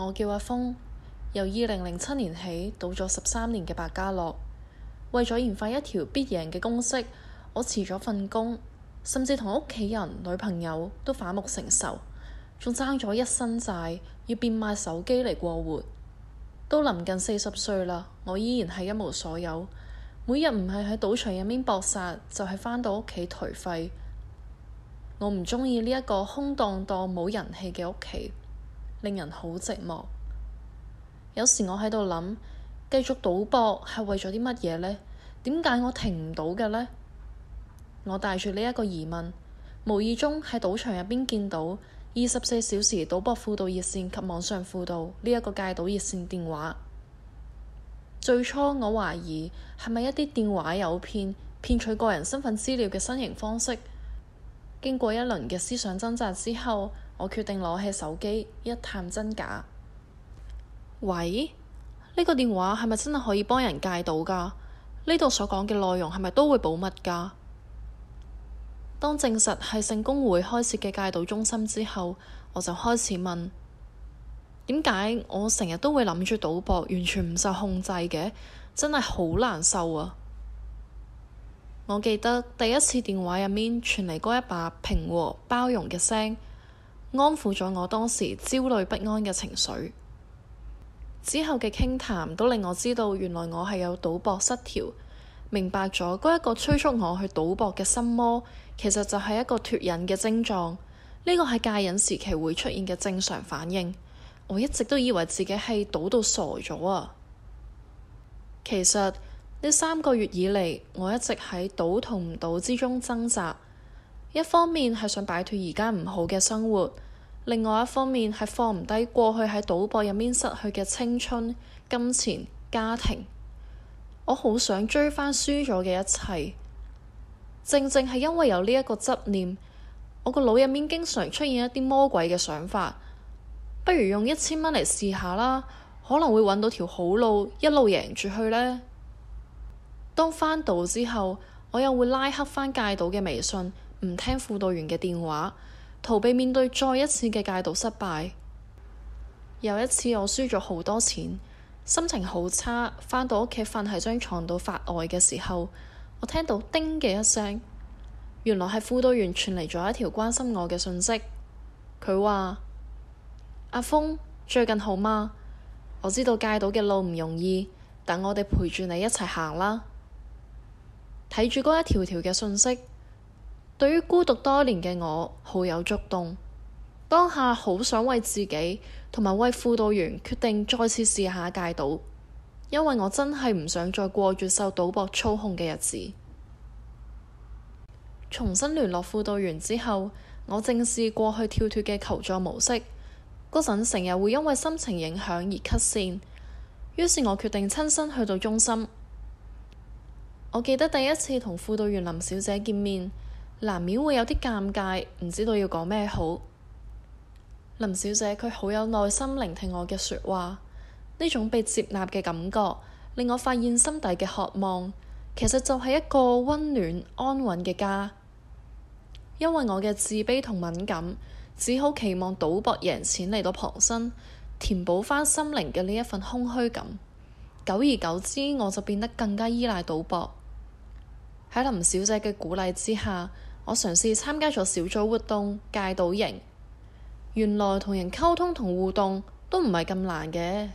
我叫阿峰，由二零零七年起賭咗十三年嘅百家樂，為咗研發一條必贏嘅公式，我辭咗份工，甚至同屋企人、女朋友都反目成仇，仲爭咗一身債，要變賣手機嚟過活。都臨近四十歲啦，我依然係一無所有。每日唔係喺賭場入面搏殺，就係、是、返到屋企頹廢。我唔鍾意呢一個空蕩蕩、冇人氣嘅屋企。令人好寂寞。有時我喺度諗，繼續賭博係為咗啲乜嘢呢？點解我停唔到嘅呢？我帶住呢一個疑問，無意中喺賭場入邊見到二十四小時賭博輔導熱線及網上輔導呢一個戒賭熱線電話。最初我懷疑係咪一啲電話有騙，騙取個人身份資料嘅新型方式。經過一輪嘅思想掙扎之後，我決定攞起手機一探真假。喂，呢個電話係咪真係可以幫人戒賭噶？呢度所講嘅內容係咪都會保密噶？當證實係聖公會開設嘅戒賭中心之後，我就開始問：點解我成日都會諗住賭博，完全唔受控制嘅？真係好難受啊！我記得第一次電話入面傳嚟嗰一把平和包容嘅聲。安撫咗我當時焦慮不安嘅情緒，之後嘅傾談都令我知道原來我係有賭博失調，明白咗嗰一個催促我去賭博嘅心魔，其實就係一個脫癮嘅症狀，呢個係戒癮時期會出現嘅正常反應。我一直都以為自己係賭到傻咗啊，其實呢三個月以嚟，我一直喺賭同唔賭之中掙扎。一方面係想擺脱而家唔好嘅生活，另外一方面係放唔低過去喺賭博入面失去嘅青春、金錢、家庭。我好想追翻輸咗嘅一切。正正係因為有呢一個執念，我個腦入面經常出現一啲魔鬼嘅想法，不如用一千蚊嚟試下啦，可能會揾到條好路，一路贏住去呢。當翻賭之後，我又會拉黑翻戒賭嘅微信。唔聽輔導員嘅電話，逃避面對再一次嘅戒賭失敗。又一次我輸咗好多錢，心情好差，翻到屋企瞓喺張床度發呆嘅時候，我聽到叮嘅一聲，原來係輔導員傳嚟咗一條關心我嘅信息。佢話：阿峰最近好嗎？我知道戒賭嘅路唔容易，等我哋陪住你一齊行啦。睇住嗰一條條嘅信息。對於孤獨多年嘅我，好有觸動。當下好想為自己同埋為輔導員決定再次試下戒賭，因為我真係唔想再過住受賭博操控嘅日子。重新聯絡輔導員之後，我正視過去跳脫嘅求助模式。嗰陣成日會因為心情影響而 cut 線，於是我決定親身去到中心。我記得第一次同輔導員林小姐見面。難免會有啲尷尬，唔知道要講咩好。林小姐佢好有耐心聆聽我嘅說話，呢種被接納嘅感覺令我發現心底嘅渴望，其實就係一個溫暖安穩嘅家。因為我嘅自卑同敏感，只好期望賭博贏錢嚟到傍身，填補返心靈嘅呢一份空虛感。久而久之，我就變得更加依賴賭博。喺林小姐嘅鼓勵之下，我嘗試參加咗小組活動，戒賭營，原來同人溝通同互動都唔係咁難嘅。